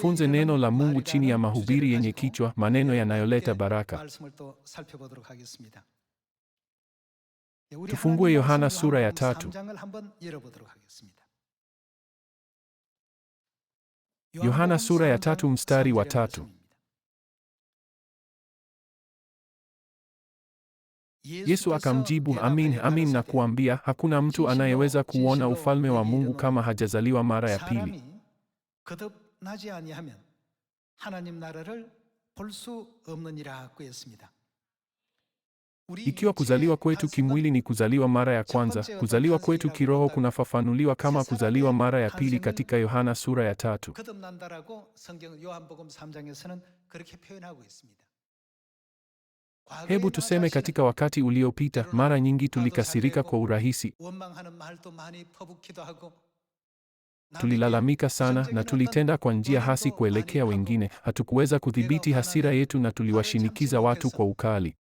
tujifunze neno la Mungu chini ya mahubiri yenye kichwa maneno yanayoleta baraka. Tufungue Yohana sura ya tatu. Yohana sura ya tatu mstari wa tatu. Yesu akamjibu, amin amin nakuambia, hakuna mtu anayeweza kuona ufalme wa Mungu kama hajazaliwa mara ya pili. 나지 아니하면 Ikiwa kuzaliwa kwetu kimwili ni kuzaliwa mara ya kwanza, kuzaliwa kwetu kiroho kunafafanuliwa kama kuzaliwa mara ya pili katika Yohana sura ya tatu. Hebu tuseme katika wakati uliopita, mara nyingi tulikasirika kwa urahisi. Tulilalamika sana na tulitenda kwa njia hasi kuelekea wengine. Hatukuweza kudhibiti hasira yetu na tuliwashinikiza watu kwa ukali.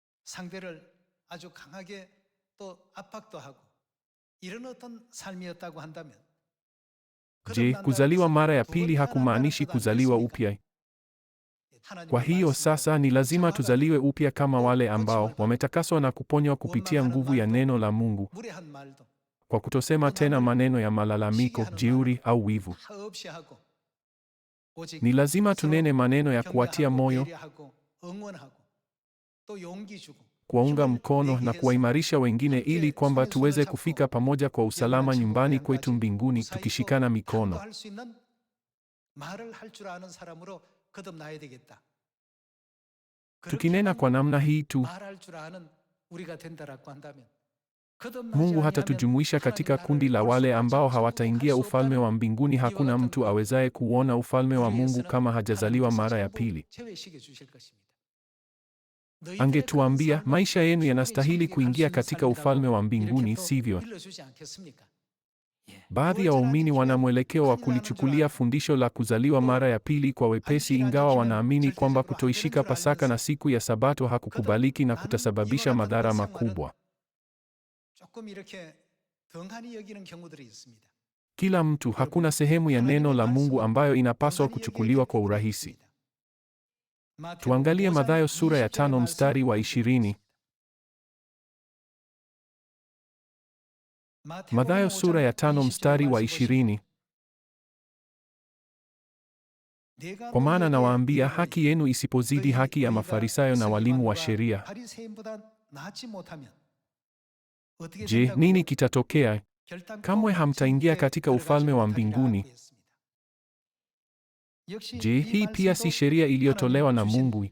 Je, kuzaliwa mara ya pili hakumaanishi kuzaliwa upya? Kwa hiyo sasa ni lazima tuzaliwe upya kama wale ambao wametakaswa na kuponywa kupitia nguvu ya neno la Mungu kwa kutosema tena maneno ya malalamiko, jeuri au wivu. Ni lazima tunene maneno ya kuwatia moyo, kuwaunga mkono na kuwaimarisha wengine ili kwamba tuweze kufika pamoja kwa usalama nyumbani kwetu mbinguni tukishikana mikono. Tukinena kwa namna hii tu Mungu hatatujumuisha katika kundi la wale ambao hawataingia ufalme wa mbinguni. Hakuna mtu awezaye kuona ufalme wa Mungu kama hajazaliwa mara ya pili. Angetuambia maisha yenu yanastahili kuingia katika ufalme wa mbinguni, sivyo? Baadhi ya waumini wana mwelekeo wa kulichukulia fundisho la kuzaliwa mara ya pili kwa wepesi, ingawa wanaamini kwamba kutoishika Pasaka na siku ya Sabato hakukubaliki na kutasababisha madhara makubwa. Kila mtu, hakuna sehemu ya neno la Mungu ambayo inapaswa kuchukuliwa kwa urahisi. Tuangalie Mathayo sura ya tano mstari wa ishirini. Mathayo sura ya tano mstari wa ishirini. Kwa maana nawaambia, haki yenu isipozidi haki ya Mafarisayo na walimu wa sheria. Je, nini kitatokea? Kamwe hamtaingia katika ufalme wa mbinguni. Je, hii pia si sheria iliyotolewa na Mungu?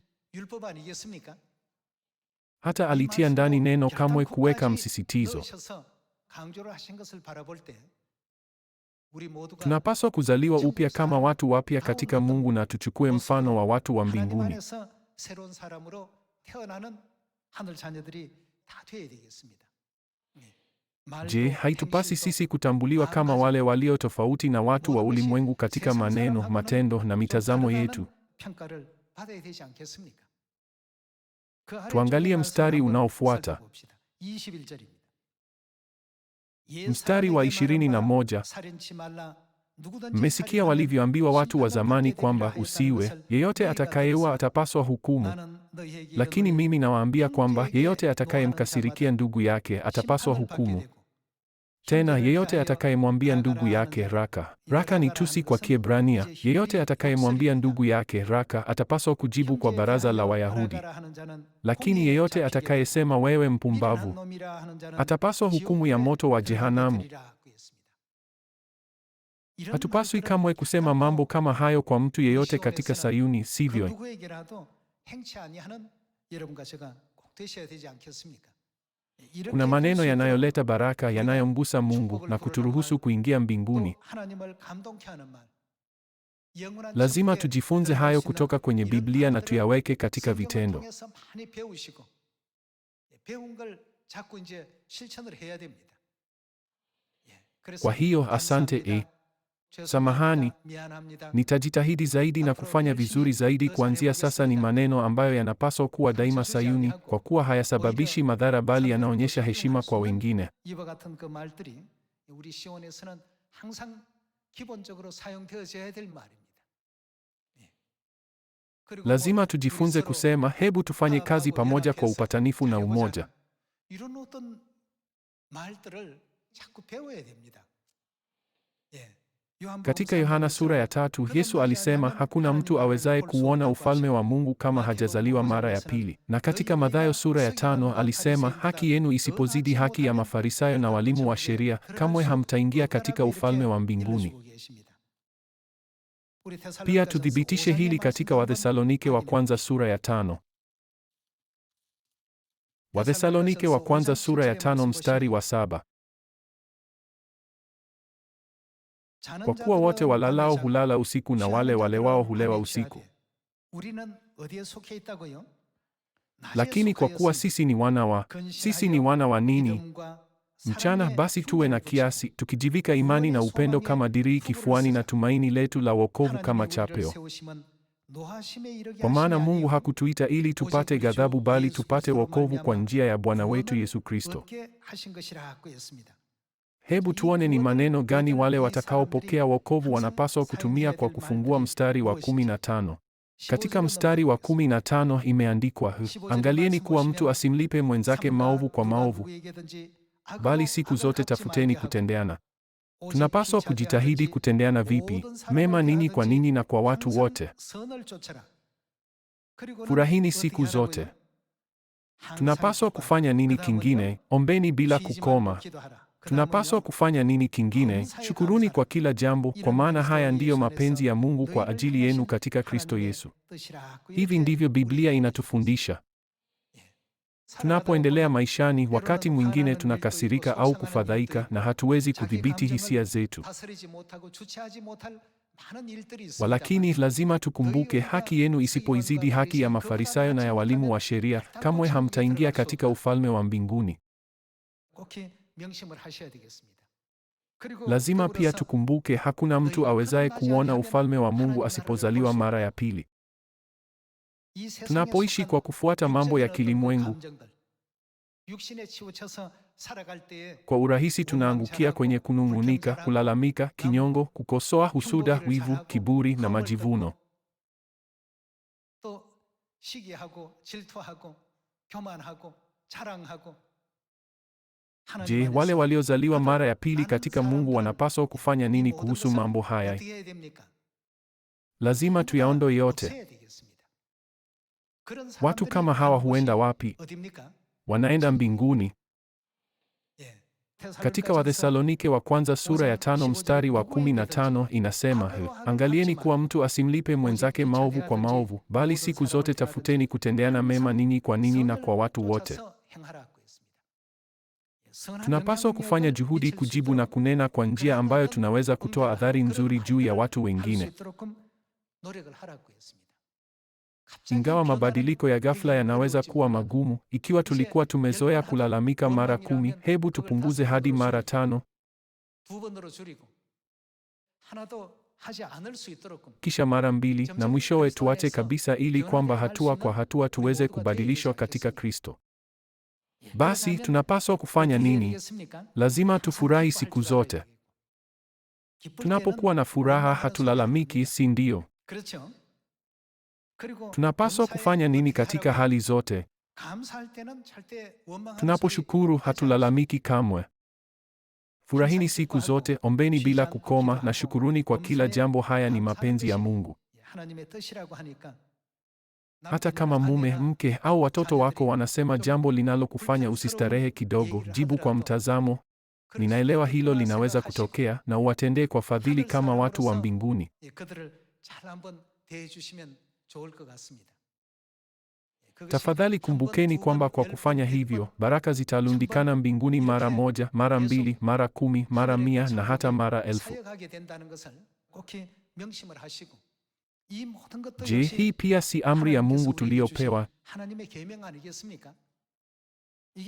Hata alitia ndani neno kamwe kuweka msisitizo. Tunapaswa kuzaliwa upya kama watu wapya katika Mungu na tuchukue mfano wa watu wa mbinguni. Je, haitupasi sisi kutambuliwa kama wale walio tofauti na watu wa ulimwengu katika maneno, matendo na mitazamo yetu? Tuangalie mstari unaofuata, mstari wa 21. Mmesikia walivyoambiwa watu wa zamani kwamba usiwe, yeyote atakayeua atapaswa hukumu. Lakini mimi nawaambia kwamba yeyote atakayemkasirikia ndugu yake atapaswa hukumu. Tena yeyote atakayemwambia ndugu yake raka, raka ni tusi kwa Kiebrania. Yeyote atakayemwambia ndugu yake raka atapaswa kujibu kwa baraza la Wayahudi, lakini yeyote atakayesema wewe mpumbavu atapaswa hukumu ya moto wa jehanamu. Hatupaswi kamwe kusema mambo kama hayo kwa mtu yeyote katika Sayuni, sivyo? Kuna maneno yanayoleta baraka yanayomgusa Mungu na kuturuhusu kuingia mbinguni. Oh, Lazima tujifunze hayo kutoka kwenye Biblia na tuyaweke katika vitendo. Kwa hiyo asante e. Samahani, nitajitahidi zaidi na kufanya vizuri zaidi kuanzia sasa, ni maneno ambayo yanapaswa kuwa daima Sayuni, kwa kuwa hayasababishi madhara bali yanaonyesha heshima kwa wengine. Lazima tujifunze kusema, hebu tufanye kazi pamoja kwa upatanifu na umoja. Katika Yohana sura ya tatu, Yesu alisema hakuna mtu awezaye kuona ufalme wa Mungu kama hajazaliwa mara ya pili. Na katika Mathayo sura ya tano alisema haki yenu isipozidi haki ya Mafarisayo na walimu wa sheria, kamwe hamtaingia katika ufalme wa mbinguni. Pia tuthibitishe hili katika Wathesalonike wa kwanza sura ya tano. Wathesalonike wa kwanza sura ya tano mstari wa saba. kwa kuwa wote walalao hulala usiku na wale walewao hulewa usiku. Lakini kwa kuwa sisi ni wana wa sisi ni wana wa nini? Mchana. Basi tuwe na kiasi, tukijivika imani na upendo kama dirii kifuani, na tumaini letu la wokovu kama chapeo. Kwa maana Mungu hakutuita ili tupate ghadhabu, bali tupate wokovu kwa njia ya Bwana wetu Yesu Kristo. Hebu tuone ni maneno gani wale watakaopokea wokovu wanapaswa kutumia kwa kufungua mstari wa kumi na tano. Katika mstari wa kumi na tano imeandikwa, angalieni kuwa mtu asimlipe mwenzake maovu kwa maovu, bali siku zote tafuteni kutendeana. Tunapaswa kujitahidi kutendeana vipi? Mema ninyi kwa ninyi na kwa watu wote. Furahini siku zote. Tunapaswa kufanya nini kingine? Ombeni bila kukoma. Tunapaswa kufanya nini kingine? Shukuruni kwa kila jambo, kwa maana haya ndiyo mapenzi ya Mungu kwa ajili yenu katika Kristo Yesu. Hivi ndivyo Biblia inatufundisha. Tunapoendelea maishani, wakati mwingine tunakasirika au kufadhaika na hatuwezi kudhibiti hisia zetu. Walakini lazima tukumbuke, haki yenu isipoizidi haki ya Mafarisayo na ya walimu wa sheria, kamwe hamtaingia katika ufalme wa mbinguni. Lazima pia tukumbuke hakuna mtu awezaye kuona ufalme wa Mungu asipozaliwa mara ya pili. Tunapoishi kwa kufuata mambo ya kilimwengu, kwa urahisi tunaangukia kwenye kunung'unika, kulalamika, kinyongo, kukosoa, husuda, wivu, kiburi na majivuno. Je, wale waliozaliwa mara ya pili katika Mungu wanapaswa kufanya nini kuhusu mambo haya? Lazima tuyaondo yote. Watu kama hawa huenda wapi? Wanaenda mbinguni. Katika Wathesalonike wa kwanza sura ya tano mstari wa kumi na tano inasema he, angalieni kuwa mtu asimlipe mwenzake maovu kwa maovu, bali siku zote tafuteni kutendeana mema ninyi kwa ninyi na kwa watu wote. Tunapaswa kufanya juhudi kujibu na kunena kwa njia ambayo tunaweza kutoa athari nzuri juu ya watu wengine. Ingawa mabadiliko ya ghafla yanaweza kuwa magumu, ikiwa tulikuwa tumezoea kulalamika mara kumi, hebu tupunguze hadi mara tano, kisha mara mbili, na mwishowe tuache kabisa, ili kwamba hatua kwa hatua tuweze kubadilishwa katika Kristo. Basi tunapaswa kufanya nini? Lazima tufurahi siku zote. Tunapokuwa na furaha hatulalamiki, si ndio? Tunapaswa kufanya nini katika hali zote? Tunaposhukuru hatulalamiki kamwe. Furahini siku zote, ombeni bila kukoma na shukuruni kwa kila jambo. Haya ni mapenzi ya Mungu. Hata kama mume, mke au watoto wako wanasema jambo linalokufanya usistarehe kidogo, jibu kwa mtazamo, ninaelewa hilo linaweza kutokea, na uwatendee kwa fadhili kama watu wa mbinguni. Tafadhali kumbukeni kwamba kwa kufanya hivyo, baraka zitalundikana mbinguni mara moja, mara mbili, mara kumi, mara mia na hata mara elfu. Je, hii pia si amri ya Mungu tuliyopewa?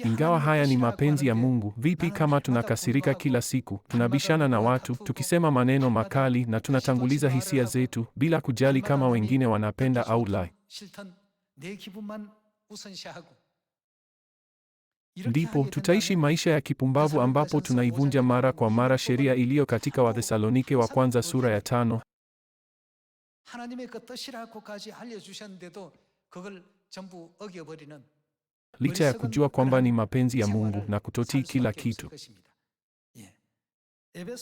Ingawa haya ni mapenzi ya Mungu, vipi kama tunakasirika kila siku, tunabishana na watu, tukisema maneno makali na tunatanguliza hisia zetu bila kujali kama wengine wanapenda au la? Ndipo tutaishi maisha ya kipumbavu ambapo tunaivunja mara kwa mara sheria iliyo katika Wathesalonike wa kwanza sura ya tano licha ya kujua kwamba ni mapenzi ya Mungu na kutotii kila kitu.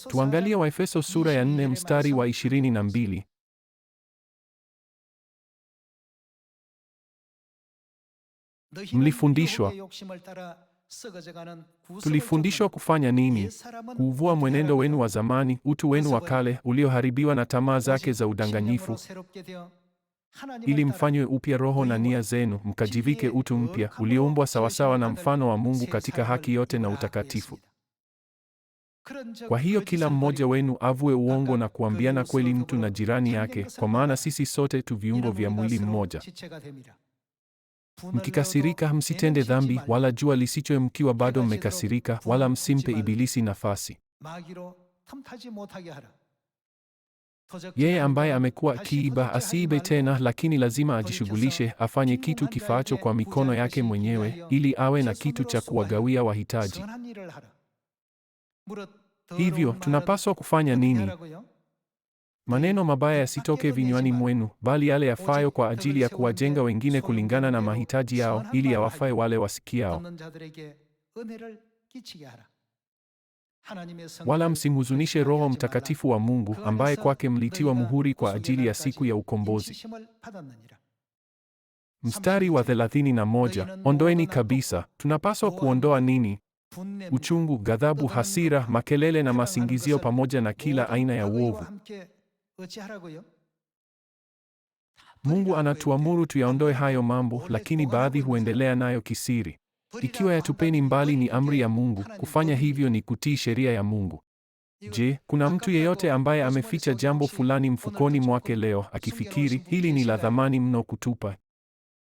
Tuangalie Waefeso sura ya 4 mstari wa 22. Mlifundishwa Tulifundishwa kufanya nini? Kuuvua mwenendo wenu wa zamani, utu wenu wa kale ulioharibiwa na tamaa zake za udanganyifu, ili mfanywe upya roho na nia zenu, mkajivike utu mpya ulioumbwa sawasawa na mfano wa Mungu katika haki yote na utakatifu. Kwa hiyo kila mmoja wenu avue uongo na kuambiana kweli mtu na jirani yake, kwa maana sisi sote tu viungo vya mwili mmoja. Mkikasirika msitende dhambi, wala jua lisichwe mkiwa bado mmekasirika, wala msimpe Ibilisi nafasi. Yeye ambaye amekuwa akiiba asiibe tena, lakini lazima ajishughulishe, afanye kitu kifaacho kwa mikono yake mwenyewe, ili awe na kitu cha kuwagawia wahitaji. Hivyo tunapaswa kufanya nini? Maneno mabaya yasitoke vinywani mwenu, bali yale yafayo kwa ajili ya kuwajenga wengine kulingana na mahitaji yao, ili yawafae wale wasikiao. Wala msimhuzunishe Roho Mtakatifu wa Mungu, ambaye kwake mlitiwa muhuri kwa ajili ya siku ya ukombozi. Mstari wa 31, ondoeni kabisa. Tunapaswa kuondoa nini? Uchungu, ghadhabu, hasira, makelele na masingizio, pamoja na kila aina ya uovu. Mungu anatuamuru tuyaondoe hayo mambo, lakini baadhi huendelea nayo kisiri. Ikiwa yatupeni mbali ni amri ya Mungu, kufanya hivyo ni kutii sheria ya Mungu. Je, kuna mtu yeyote ambaye ameficha jambo fulani mfukoni mwake leo akifikiri hili ni la dhamani mno kutupa?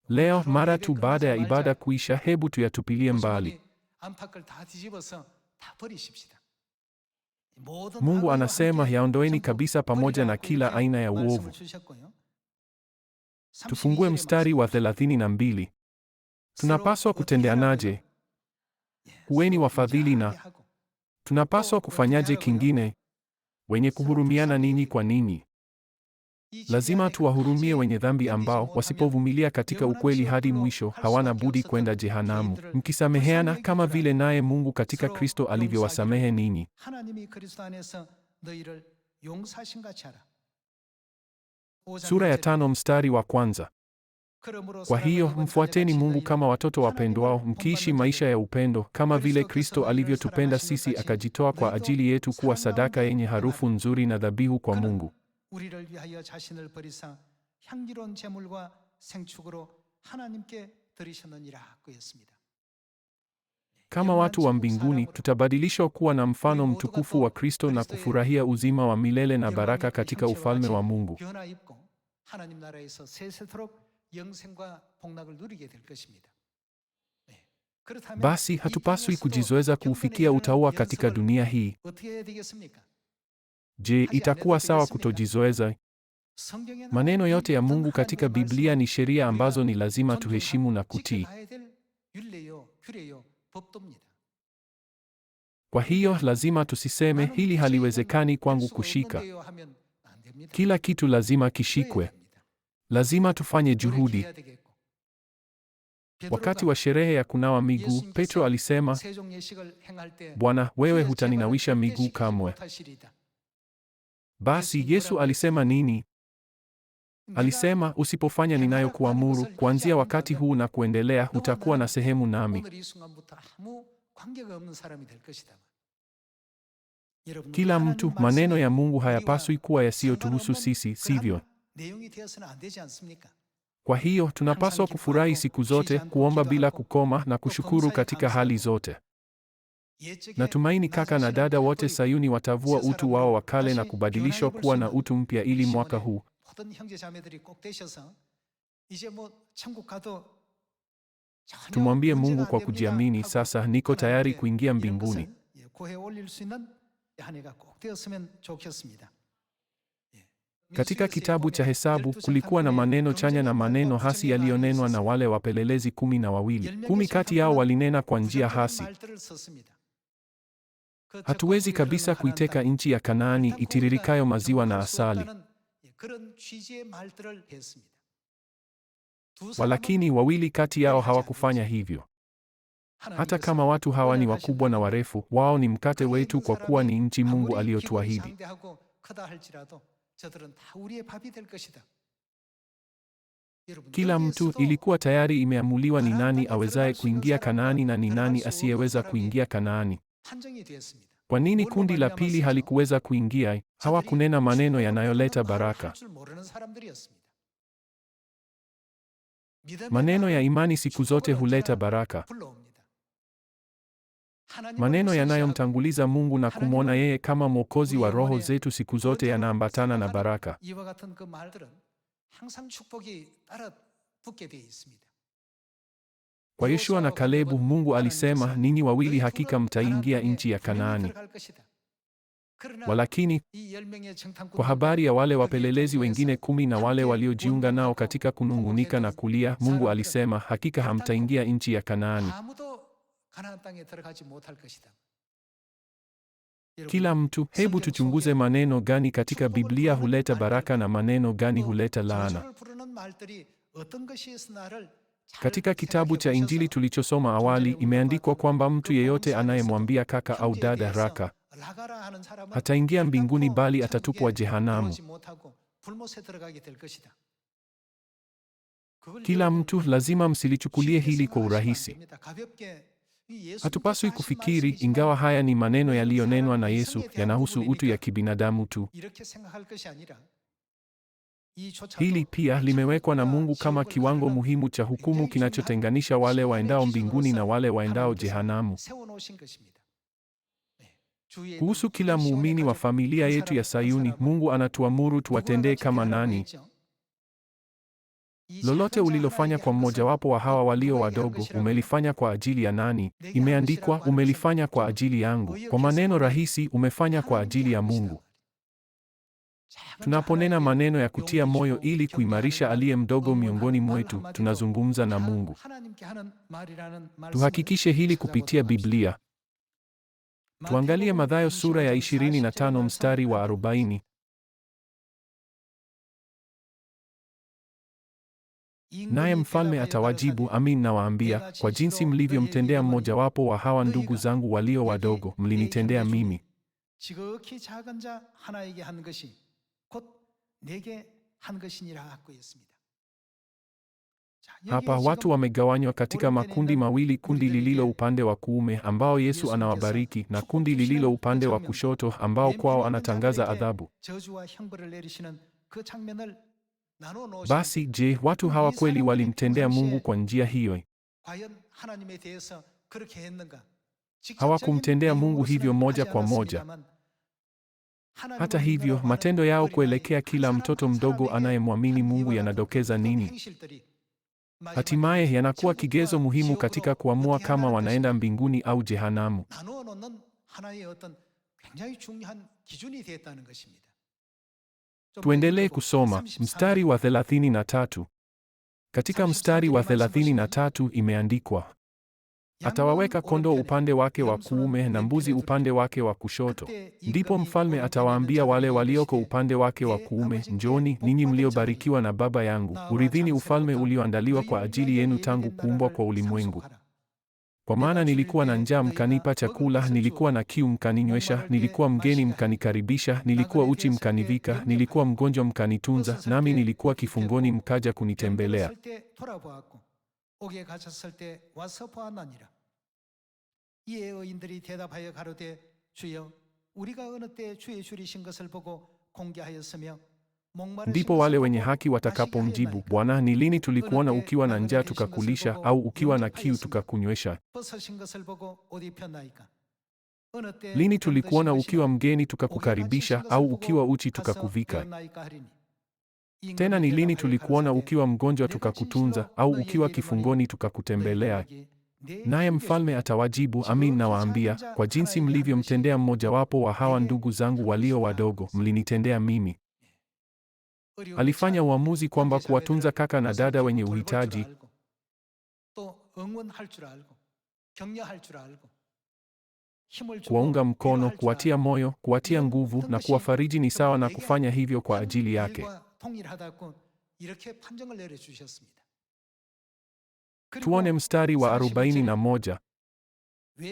Leo mara tu baada ya ibada kuisha, hebu tuyatupilie mbali. Mungu anasema yaondoeni kabisa pamoja na kila aina ya uovu. Tufungue mstari wa 32. Tunapaswa kutendeanaje? Kuweni wafadhili na tunapaswa kufanyaje kingine? Wenye kuhurumiana ninyi kwa ninyi. Lazima tuwahurumie wenye dhambi ambao wasipovumilia katika ukweli hadi mwisho hawana budi kwenda jehanamu, mkisameheana kama vile naye Mungu katika Kristo alivyowasamehe ninyi. Sura ya tano mstari wa kwanza. Kwa hiyo mfuateni Mungu kama watoto wapendwao, mkiishi maisha ya upendo kama vile Kristo alivyotupenda sisi akajitoa kwa ajili yetu kuwa sadaka yenye harufu nzuri na dhabihu kwa Mungu. 우리를 위하여 자신을 버리사 향기로운 재물과 생축으로 하나님께 드리셨느니라 그였습니다. Kama watu wa mbinguni tutabadilishwa kuwa na mfano mtukufu wa Kristo na kufurahia uzima wa milele na baraka katika ufalme wa Mungu. Basi hatupaswi kujizoeza kuufikia utaua katika dunia hii. Je, itakuwa sawa kutojizoeza? Maneno yote ya Mungu katika Biblia ni sheria ambazo ni lazima tuheshimu na kutii. Kwa hiyo lazima tusiseme hili haliwezekani kwangu kushika. Kila kitu lazima kishikwe. Lazima tufanye juhudi. Wakati wa sherehe ya kunawa miguu, Petro alisema, Bwana, wewe hutaninawisha miguu kamwe. Basi Yesu alisema nini? Alisema, usipofanya ninayokuamuru kuanzia wakati huu na kuendelea, hutakuwa na sehemu nami. Kila mtu, maneno ya Mungu hayapaswi kuwa yasiyotuhusu sisi, sivyo? Kwa hiyo tunapaswa kufurahi siku zote, kuomba bila kukoma na kushukuru katika hali zote. Natumaini kaka na dada wote Sayuni watavua utu wao wa kale na kubadilishwa kuwa na utu mpya ili mwaka huu tumwambie Mungu kwa kujiamini sasa, niko tayari kuingia mbinguni. Katika kitabu cha Hesabu kulikuwa na maneno chanya na maneno hasi yaliyonenwa na wale wapelelezi kumi na wawili. Kumi kati yao walinena kwa njia hasi. Hatuwezi kabisa kuiteka nchi ya Kanaani itiririkayo maziwa na asali. Walakini wawili kati yao hawakufanya hivyo. Hata kama watu hawa ni wakubwa na warefu, wao ni mkate wetu kwa kuwa ni nchi Mungu aliyotuahidi. Kila mtu ilikuwa tayari imeamuliwa ni nani awezaye kuingia Kanaani na ni nani asiyeweza kuingia Kanaani. Kwa nini kundi la pili halikuweza kuingia? Hawakunena maneno yanayoleta baraka. Maneno ya imani siku zote huleta baraka. Maneno yanayomtanguliza Mungu na kumwona yeye kama mwokozi wa roho zetu siku zote yanaambatana na baraka. Kwa Yoshua na Kalebu Mungu alisema, ninyi wawili hakika mtaingia nchi ya Kanaani. Walakini kwa habari ya wale wapelelezi wengine kumi na wale waliojiunga nao katika kunungunika na kulia, Mungu alisema, hakika hamtaingia nchi ya Kanaani. Kila mtu, hebu tuchunguze maneno gani katika Biblia huleta baraka na maneno gani huleta laana. Katika kitabu cha Injili tulichosoma awali, imeandikwa kwamba mtu yeyote anayemwambia kaka au dada raka hataingia mbinguni bali atatupwa jehanamu. Kila mtu lazima msilichukulie hili kwa urahisi. Hatupaswi kufikiri, ingawa haya ni maneno yaliyonenwa na Yesu, yanahusu utu ya kibinadamu tu. Hili pia limewekwa na Mungu kama kiwango muhimu cha hukumu kinachotenganisha wale waendao mbinguni na wale waendao jehanamu. Kuhusu kila muumini wa familia yetu ya Sayuni, Mungu anatuamuru tuwatendee kama nani? Lolote ulilofanya kwa mmojawapo wa hawa walio wadogo, umelifanya kwa ajili ya nani? Imeandikwa, umelifanya kwa ajili yangu. Kwa maneno rahisi, umefanya kwa ajili ya Mungu. Tunaponena maneno ya kutia moyo ili kuimarisha aliye mdogo miongoni mwetu, tunazungumza na Mungu. Tuhakikishe hili kupitia Biblia. Tuangalie Mathayo sura ya 25 mstari wa 40. Naye mfalme atawajibu, amin nawaambia, kwa jinsi mlivyomtendea mmojawapo wa hawa ndugu zangu walio wadogo, mlinitendea mimi. 내게 한 하고 있습니다. Hapa watu wamegawanywa katika makundi mawili, kundi lililo upande wa kuume ambao Yesu anawabariki na kundi lililo upande wa kushoto ambao kwao anatangaza adhabu. Basi je, watu hawa kweli walimtendea Mungu kwa njia hiyo? Hawakumtendea Mungu hivyo moja kwa moja. Hata hivyo, matendo yao kuelekea kila mtoto mdogo anayemwamini Mungu yanadokeza nini? Hatimaye yanakuwa kigezo muhimu katika kuamua kama wanaenda mbinguni au jehanamu. Tuendelee kusoma mstari wa 33. Katika mstari wa 33 imeandikwa Atawaweka kondoo upande wake wa kuume na mbuzi upande wake wa kushoto. Ndipo mfalme atawaambia wale walioko upande wake wa kuume, njoni ninyi mliobarikiwa na Baba yangu, urithini ufalme ulioandaliwa kwa ajili yenu tangu kuumbwa kwa ulimwengu. Kwa maana nilikuwa na njaa mkanipa chakula, nilikuwa na kiu mkaninywesha, nilikuwa mgeni mkanikaribisha, nilikuwa uchi mkanivika, nilikuwa mgonjwa mkanitunza, nami nilikuwa kifungoni mkaja kunitembelea. 이에 의인들이 대답하여 가로되 주여, Ndipo wale wenye haki watakapomjibu, Bwana, ni lini tulikuona ukiwa na njaa tukakulisha, au ukiwa na kiu tukakunywesha? Lini tulikuona ukiwa mgeni tukakukaribisha, au ukiwa uchi tukakuvika? Tena ni lini tulikuona ukiwa mgonjwa tukakutunza, au ukiwa kifungoni tukakutembelea? Naye mfalme atawajibu, amin nawaambia, kwa jinsi mlivyomtendea mmojawapo wa hawa ndugu zangu walio wadogo, mlinitendea mimi. Alifanya uamuzi kwamba kuwatunza kaka na dada wenye uhitaji kuwaunga mkono, kuwatia moyo, kuwatia nguvu na kuwafariji ni sawa na kufanya hivyo kwa ajili yake. Tuone mstari wa 41.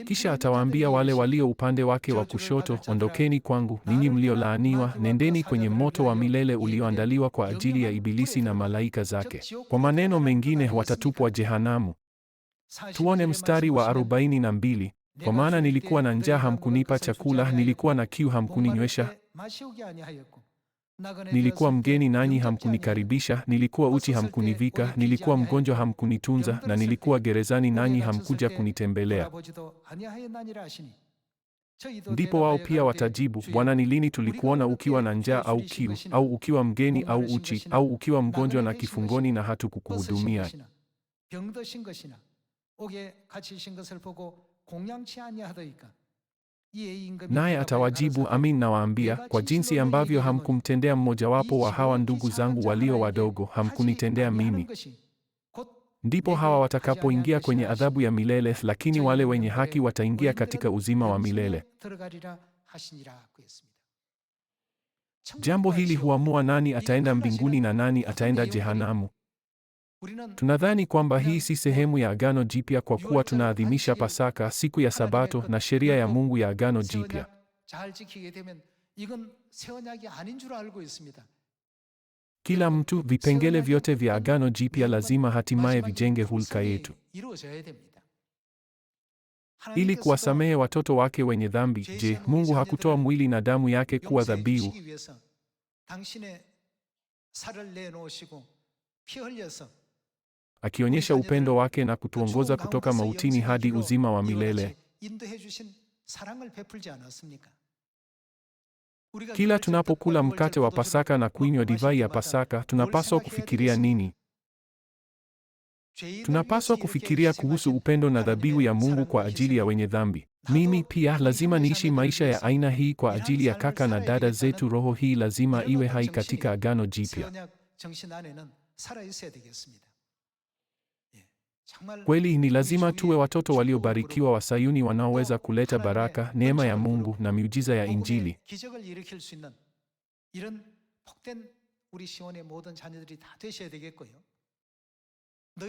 Kisha atawaambia wale walio upande wake wa kushoto, ondokeni kwangu, ninyi mliolaaniwa, nendeni kwenye moto wa milele ulioandaliwa kwa ajili ya Ibilisi na malaika zake. Kwa maneno mengine, watatupwa jehanamu. Tuone mstari wa 42. Kwa maana nilikuwa na njaa hamkunipa chakula, nilikuwa na kiu hamkuninywesha Nilikuwa mgeni nanyi hamkunikaribisha, nilikuwa uchi hamkunivika, nilikuwa mgonjwa hamkunitunza, na nilikuwa gerezani nanyi hamkuja kunitembelea. Ndipo wao pia watajibu, Bwana, ni lini tulikuona ukiwa na njaa au kiu, au ukiwa mgeni au uchi, au ukiwa mgonjwa na kifungoni na hatukukuhudumia? Naye atawajibu, amin nawaambia, kwa jinsi ambavyo hamkumtendea mmojawapo wa hawa ndugu zangu walio wadogo, hamkunitendea mimi. Ndipo hawa watakapoingia kwenye adhabu ya milele, lakini wale wenye haki wataingia katika uzima wa milele. Jambo hili huamua nani ataenda mbinguni na nani ataenda jehanamu. Tunadhani kwamba hii si sehemu ya Agano Jipya kwa kuwa tunaadhimisha Pasaka, siku ya Sabato na sheria ya Mungu ya Agano Jipya. Kila mtu, vipengele vyote vya Agano Jipya lazima hatimaye vijenge hulka yetu. Ili kuwasamehe watoto wake wenye dhambi, je, Mungu hakutoa mwili na damu yake kuwa dhabihu? akionyesha upendo wake na kutuongoza kutoka mautini hadi uzima wa milele. Kila tunapokula mkate wa Pasaka na kunywa divai ya Pasaka, tunapaswa kufikiria nini? Tunapaswa kufikiria kuhusu upendo na dhabihu ya Mungu kwa ajili ya wenye dhambi. Mimi pia lazima niishi maisha ya aina hii kwa ajili ya kaka na dada zetu. Roho hii lazima iwe hai katika Agano Jipya. Kweli ni lazima tuwe watoto waliobarikiwa wa Sayuni wanaoweza kuleta baraka, neema ya Mungu na miujiza ya Injili.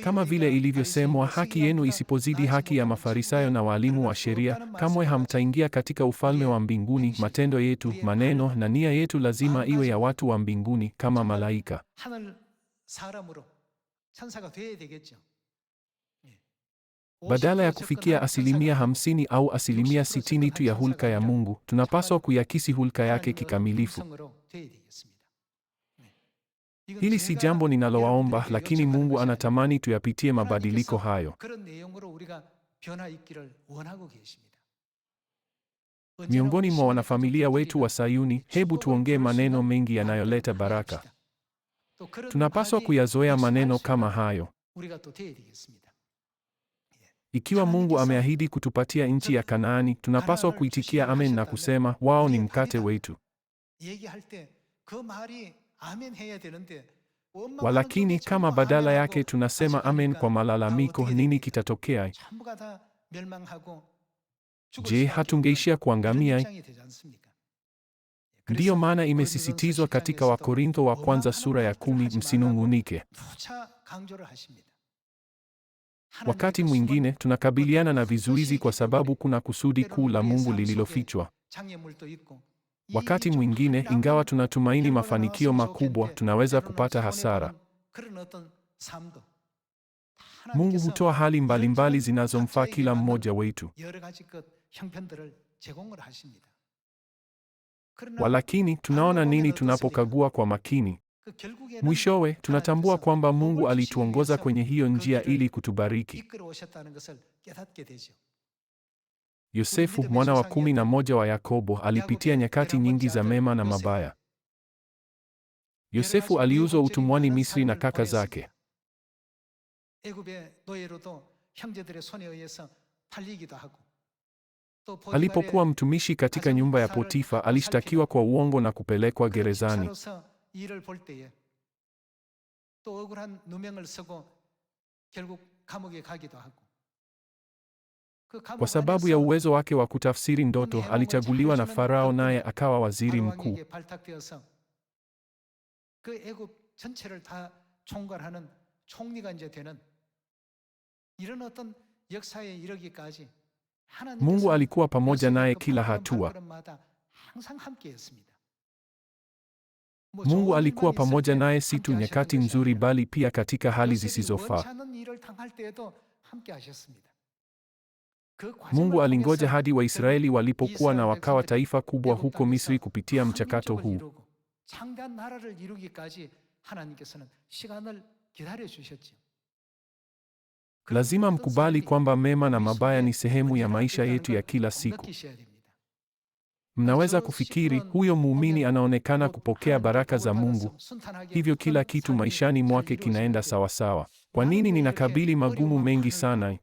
Kama vile ilivyosemwa, haki yenu isipozidi haki ya Mafarisayo na waalimu wa sheria, kamwe hamtaingia katika ufalme wa mbinguni. Matendo yetu, maneno na nia yetu lazima iwe ya watu wa mbinguni kama malaika. Badala ya kufikia asilimia hamsini au asilimia sitini tu ya hulka ya Mungu, tunapaswa kuyakisi hulka yake kikamilifu. Hili si jambo ninalowaomba, lakini Mungu anatamani tuyapitie mabadiliko hayo. Miongoni mwa wanafamilia wetu wa Sayuni, hebu tuongee maneno mengi yanayoleta baraka. Tunapaswa kuyazoea maneno kama hayo. Ikiwa Mungu ameahidi kutupatia nchi ya Kanaani, tunapaswa kuitikia amen na kusema wao ni mkate wetu. Walakini kama badala yake tunasema amen kwa malalamiko, nini kitatokea? Je, hatungeishia kuangamia? Ndiyo maana imesisitizwa katika Wakorintho wa kwanza sura ya kumi, msinungunike. Wakati mwingine tunakabiliana na vizuizi kwa sababu kuna kusudi kuu la Mungu lililofichwa. Wakati mwingine, ingawa tunatumaini mafanikio makubwa, tunaweza kupata hasara. Mungu hutoa hali mbalimbali zinazomfaa kila mmoja wetu. Walakini, tunaona nini tunapokagua kwa makini? Mwishowe tunatambua kwamba Mungu alituongoza kwenye hiyo njia ili kutubariki. Yosefu mwana wa kumi na moja wa Yakobo alipitia nyakati nyingi za mema na mabaya. Yosefu aliuzwa utumwani Misri na kaka zake. Alipokuwa mtumishi katika nyumba ya Potifa, alishtakiwa kwa uongo na kupelekwa gerezani. 일을 볼 때에 또 억울한 누명을 쓰고 결국 감옥에 가기도 하고 Kwa sababu ya uwezo wake wa kutafsiri ndoto, alichaguliwa na Farao naye akawa waziri mkuu. Mungu alikuwa pamoja naye kila hatua. Mungu alikuwa pamoja naye si tu nyakati nzuri, bali pia katika hali zisizofaa. Mungu alingoja hadi Waisraeli walipokuwa na wakawa taifa kubwa huko Misri. Kupitia mchakato huu, lazima mkubali kwamba mema na mabaya ni sehemu ya maisha yetu ya kila siku. Mnaweza kufikiri huyo muumini anaonekana kupokea baraka za Mungu, hivyo kila kitu maishani mwake kinaenda sawasawa. Kwa nini ninakabili magumu mengi sana?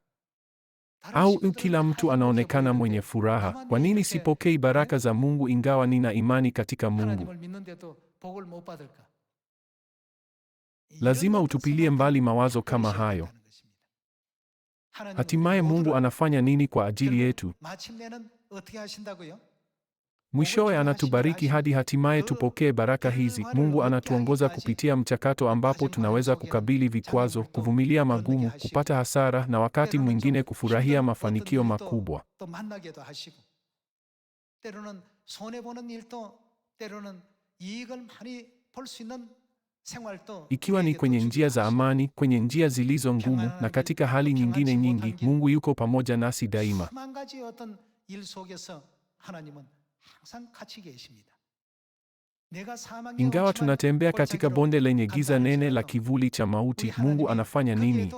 Au kila mtu anaonekana mwenye furaha, kwa nini sipokei baraka za Mungu ingawa nina imani katika Mungu? Lazima utupilie mbali mawazo kama hayo. Hatimaye Mungu anafanya nini kwa ajili yetu? Mwishowe anatubariki hadi hatimaye tupokee baraka hizi. Mungu anatuongoza kupitia mchakato ambapo tunaweza kukabili vikwazo, kuvumilia magumu, kupata hasara na wakati mwingine kufurahia mafanikio makubwa. Ikiwa ni kwenye njia za amani, kwenye njia zilizo ngumu na katika hali nyingine nyingi, Mungu yuko pamoja nasi daima. Ingawa tunatembea katika bonde lenye giza nene la kivuli cha mauti, Mungu anafanya nini?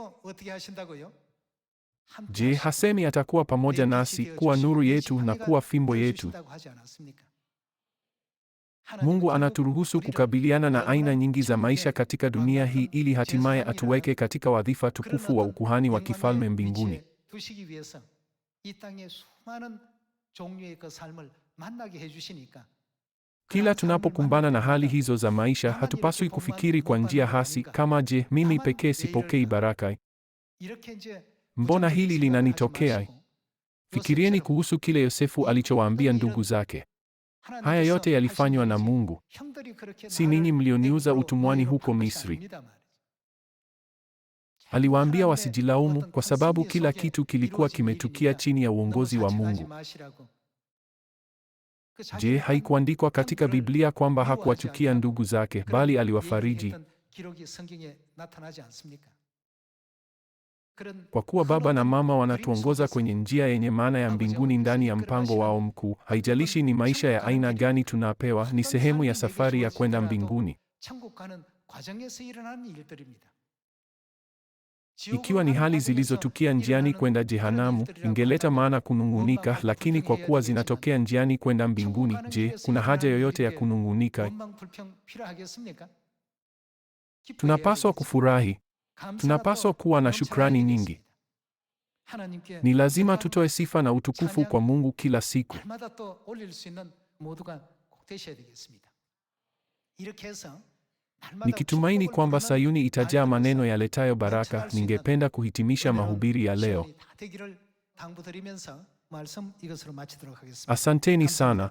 Je, hasemi atakuwa pamoja nasi, kuwa nuru yetu na kuwa fimbo yetu? Mungu anaturuhusu kukabiliana na aina nyingi za maisha katika dunia hii ili hatimaye atuweke katika wadhifa tukufu wa ukuhani wa kifalme mbinguni. Kila tunapokumbana na hali hizo za maisha, hatupaswi kufikiri kwa njia hasi kama je, mimi pekee sipokei baraka? Mbona hili linanitokea? Fikirieni kuhusu kile Yosefu alichowaambia ndugu zake. Haya yote yalifanywa na Mungu, si ninyi mlioniuza utumwani huko Misri. Aliwaambia wasijilaumu kwa sababu kila kitu kilikuwa kimetukia chini ya uongozi wa Mungu. Je, haikuandikwa katika Biblia kwamba hakuwachukia ndugu zake bali aliwafariji? Kwa kuwa baba na mama wanatuongoza kwenye njia yenye maana ya mbinguni ndani ya mpango wao mkuu. Haijalishi ni maisha ya aina gani tunapewa, ni sehemu ya safari ya kwenda mbinguni. Ikiwa ni hali zilizotukia njiani kwenda jehanamu, ingeleta maana kunung'unika, lakini kwa kuwa zinatokea njiani kwenda mbinguni, je, kuna haja yoyote ya kunung'unika? Tunapaswa kufurahi. Tunapaswa kuwa na shukrani nyingi. Ni lazima tutoe sifa na utukufu kwa Mungu kila siku. Nikitumaini kwamba Sayuni itajaa maneno yaletayo baraka, ningependa kuhitimisha mahubiri ya leo. Asanteni sana.